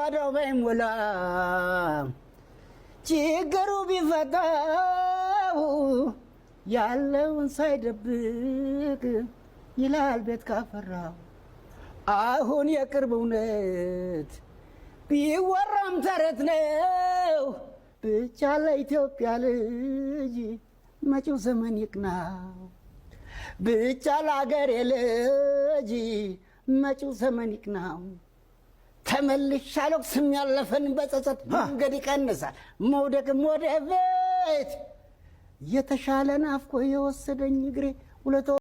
ጓዳው ባይሞላ ችግሩ ቢፈታው ያለውን ሳይደብቅ ይላል ቤት ካፈራው። አሁን የቅርብ እውነት ቢወራም ተረት ነው። ብቻ ለኢትዮጵያ ልጅ መጪው ዘመን ይቅናው። ብቻ ለአገሬ ልጅ መጪው ዘመን ይቅናው። ተመልሻለሁ። ስም ያለፈን በጸጸት መንገድ ይቀንሳል። መውደቅም ወደ ቤት የተሻለ ናፍቆ የወሰደኝ እግሬ ውለቶ